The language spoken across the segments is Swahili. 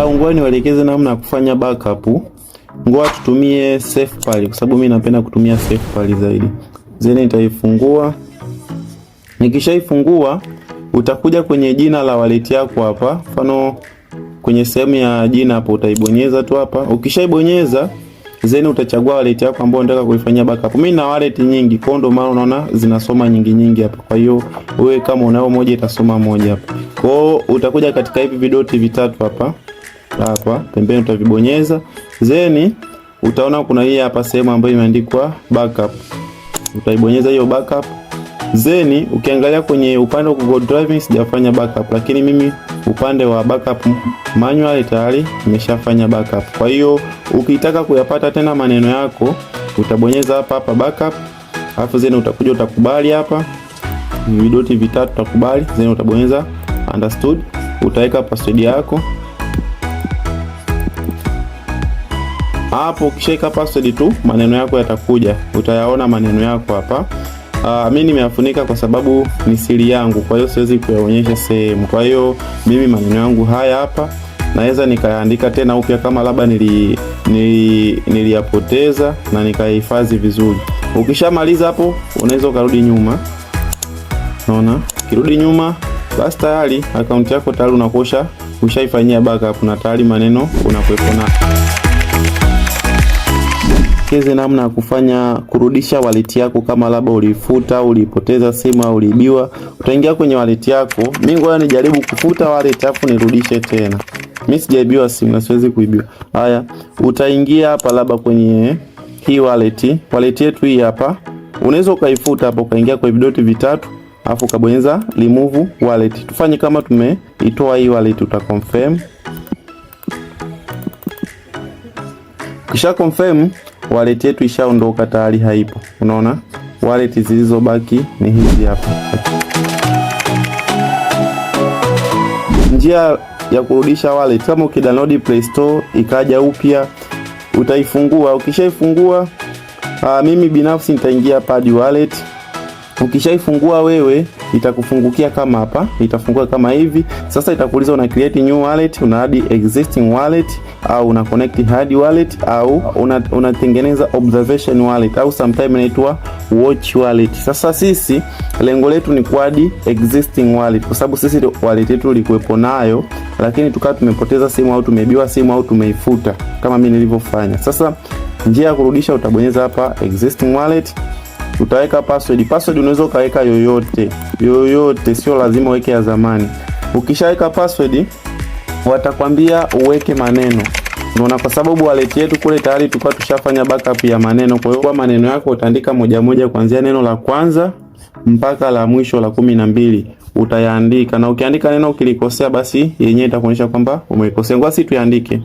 au ngoja niwaelekeze namna ya kufanya backup. Ngoja tutumie safe pali kwa sababu mimi napenda kutumia safe pali zaidi. Then nitaifungua. Nikishaifungua utakuja kwenye jina la wallet yako hapa, mfano kwenye sehemu ya jina hapo utaibonyeza tu hapa. Ukishaibonyeza then utachagua wallet yako ambayo unataka kuifanyia backup. Mimi na wallet nyingi, kwa ndo maana unaona zinasoma nyingi nyingi hapa. Kwa hiyo wewe kama unao moja itasoma moja hapa. Kwa hiyo utakuja katika hivi vidoti vitatu hapa hapa pembeni, utavibonyeza then utaona kuna hii hapa sehemu ambayo imeandikwa backup, utaibonyeza hiyo backup. Then ukiangalia kwenye upande wa Google Drive sijafanya backup, lakini mimi upande wa backup manual tayari nimeshafanya backup. Kwa hiyo ukitaka kuyapata tena maneno yako utabonyeza hapa hapa backup, alafu then utakuja utakubali hapa vidoti vitatu utakubali, then utabonyeza understood, utaweka password yako. hapo. Ukishaika password tu maneno yako yatakuja, utayaona maneno yako hapa. Uh, mi nimeyafunika kwa sababu ni siri yangu, kwa hiyo siwezi kuyaonyesha sehemu. Kwa hiyo mimi maneno yangu haya hapa naweza nikayaandika tena upya kama labda nili, nili, niliyapoteza na nikahifadhi vizuri. Ukishamaliza hapo, unaweza ukarudi nyuma. naona kirudi nyuma, basi tayari akaunti yako tayari unakosha ushaifanyia backup na tayari maneno unakuwepo nayo nikuelekeze namna ya kufanya kurudisha wallet yako, kama labda ulifuta, ulipoteza simu au uliibiwa. Utaingia kwenye wallet yako. Mimi ngoja nijaribu kufuta wallet afu nirudishe tena. Mimi sijaibiwa simu na siwezi kuibiwa. Haya, utaingia hapa labda kwenye hii wallet. Wallet yetu hii hapa. Unaweza ukaifuta hapo, ukaingia kwa vidoti vitatu afu ukabonyeza remove wallet. Tufanye kama tumeitoa hii wallet, uta confirm. Kisha confirm wallet yetu ishaondoka tayari, haipo. Unaona, wallet zilizobaki ni hizi hapa. Njia ya kurudisha wallet, kama ukidownload Play Store ikaja upya, utaifungua. Ukishaifungua ah, mimi binafsi nitaingia padi wallet. Ukishaifungua wewe itakufungukia kama hapa, itafungua kama hivi. Sasa itakuuliza una create new wallet, una add existing wallet au una connect hard wallet au una unatengeneza observation wallet au sometimes inaitwa watch wallet. Sasa sisi lengo letu ni kuadi existing wallet kwa sababu sisi wallet yetu ilikuwepo nayo, lakini tukawa tumepoteza simu au tumeibiwa simu au tumeifuta kama mimi nilivyofanya. Sasa njia ya kurudisha utabonyeza hapa existing wallet utaweka password. Password unaweza ukaweka yoyote yoyote, sio lazima uweke ya zamani. Ukishaweka password, watakwambia uweke maneno. Unaona, kwa sababu wallet yetu kule tayari tulikuwa tushafanya backup ya maneno. Kwa hiyo maneno yako utaandika moja moja, kuanzia neno la kwanza mpaka la mwisho la kumi na mbili utayaandika, na ukiandika neno ukilikosea, basi yenyewe itakuonyesha kwamba umeikosea. Ngoja si tuyaandike.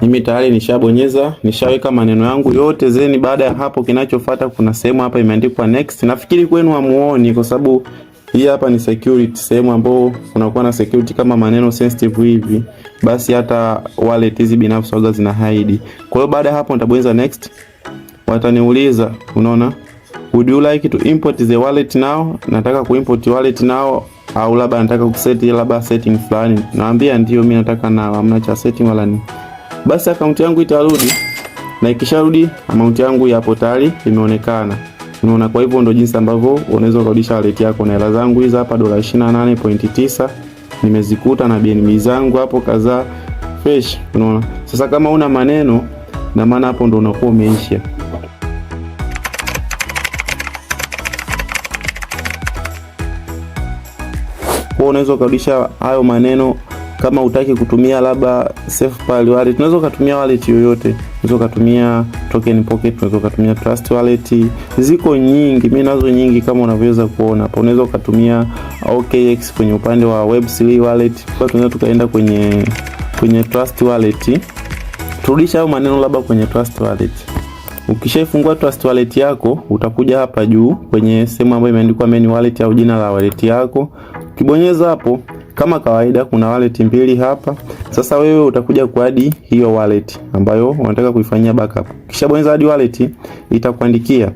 Mimi tayari nishabonyeza, nishaweka maneno yangu yote zeni. Baada ya hapo, kinachofuata kuna sehemu hapa imeandikwa next. Nafikiri kwenu hamuoni kwa sababu hii hapa ni security, sehemu ambayo kunakuwa na security kama maneno sensitive hivi, basi hata wallet hizi binafsi waga zina hide. Kwa hiyo baada ya hapo nitabonyeza next, wataniuliza unaona, would you like to import the wallet now? Nataka kuimport wallet now au labda nataka kuseti labda setting fulani, naambia ndio, mimi nataka na, amna cha setting wala nini basi akaunti yangu itarudi, na ikisharudi amaunti yangu yapo tayari imeonekana. Unaona, kwa hivyo ndo jinsi ambavyo unaweza kurudisha wallet yako, na hela zangu hizi hapa dola 28.9 nimezikuta na BNB zangu hapo kadhaa fresh. Unaona, sasa kama una maneno na maana hapo ndo unakuwa umeisha. Kwa unaweza kurudisha hayo maneno kama utaki kutumia labda SafePal wallet, unaweza ukatumia wallet yoyote, unaweza ukatumia Token Pocket, unaweza ukatumia Trust wallet, ziko nyingi, mimi nazo nyingi kama unavyoweza kuona hapo. Unaweza ukatumia OKX kwenye upande wa Web3 wallet, kwa tunaweza tukaenda kwenye kwenye Trust wallet, turudisha hayo maneno labda kwenye Trust wallet. Ukishaifungua Trust wallet yako utakuja hapa juu kwenye sehemu ambayo imeandikwa main wallet au jina la wallet yako, kibonyeza hapo kama kawaida kuna wallet mbili hapa. Sasa wewe utakuja kuadi hiyo wallet ambayo unataka kuifanyia backup. Kisha bonyeza add wallet, itakuandikia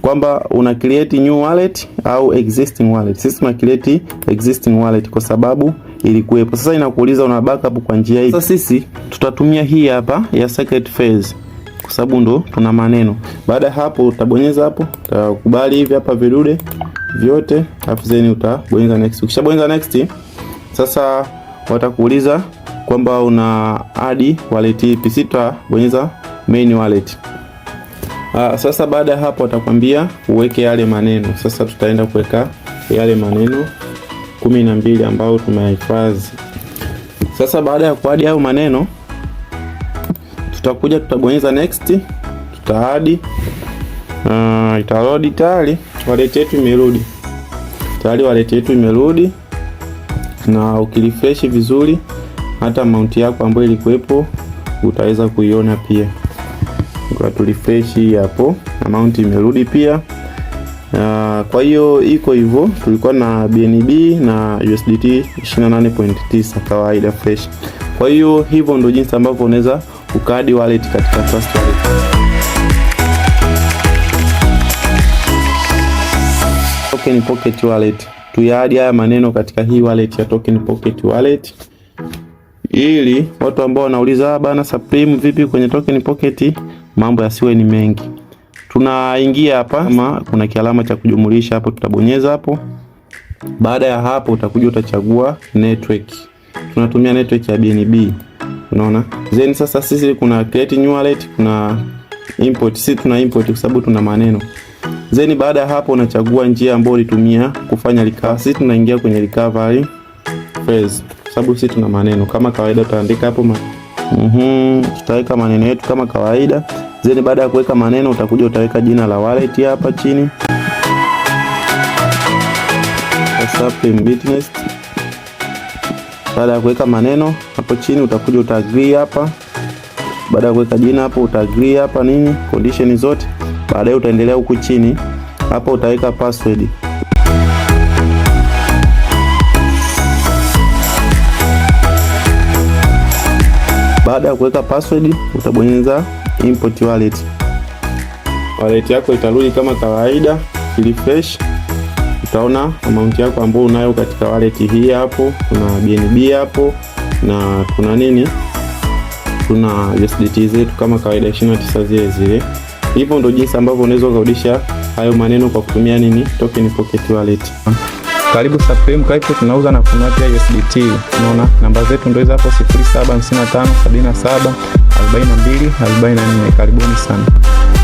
kwamba una create new wallet au existing wallet. Sisi tuna create existing wallet kwa sababu ilikuwepo. Sasa inakuuliza una backup kwa njia hii. Sasa sisi tutatumia hii hapa ya second phase kwa sababu ndo tuna maneno. Baada hapo utabonyeza hapo, utakubali hivi hapa vidude vyote, afu zeni utabonyeza next. Ukishabonyeza next sasa watakuuliza kwamba una adi wallet ipi, bonyeza main wallet. Aa, ah, sasa baada ya hapo watakwambia uweke yale maneno. Sasa tutaenda kuweka yale maneno kumi na mbili ambayo tumehifadhi. Sasa baada ya kuadi hayo maneno tutakuja tutabonyeza next, tutaadi uh, ah, itarodi tayari wallet yetu imerudi tayari, wallet yetu imerudi na ukirefresh vizuri, hata mount yako ambayo ilikuwepo utaweza kuiona pia. Kwa tulifreshi hapo na mount imerudi pia. Kwa hiyo iko hivyo, tulikuwa na BNB na USDT 28.9 kawaida fresh. Kwa hiyo hivyo ndio jinsi ambavyo unaweza ukadi wallet katika Trust Wallet. Ni Pocket Wallet tuyaadi haya maneno katika hii wallet ya Token Pocket wallet, ili watu ambao wanauliza ah, bana Supreme vipi kwenye Token Pocket, mambo yasiwe ni mengi. Tunaingia hapa, ama kuna kialama cha kujumulisha hapo, tutabonyeza hapo. Baada ya hapo, utakuja utachagua network. Tunatumia network ya BNB, unaona. Then sasa sisi kuna create new wallet, kuna import. Sisi tuna import kwa sababu tuna maneno Then baada ya hapo unachagua njia ambayo ulitumia kufanya recovery. Sisi tunaingia kwenye recovery phase. Sababu sisi tuna maneno kama kawaida utaandika hapo ma... mm Tutaweka maneno yetu kama kawaida. Then baada ya kuweka maneno utakuja utaweka jina la wallet hapa chini. Business. Baada ya kuweka maneno hapo chini utakuja uta agree hapa. Baada ya kuweka jina hapo uta agree hapa nini condition zote Baadaye utaendelea huku chini, hapa utaweka password. Baada ya kuweka password, utabonyeza import wallet. Wallet yako itarudi kama kawaida, refresh utaona amount yako ambayo unayo katika wallet hii. Hapo kuna BNB hapo na kuna nini, kuna USDT zetu kama kawaida 29 zile zile. Hivyo ndio jinsi ambavyo unaweza kurudisha hayo maneno kwa kutumia nini, token Pocket Wallet. Karibu Supreme Crypto, tunauza na kununua pia USDT. Unaona namba zetu ndio hizo hapo 0755 77 42 44. Karibuni sana.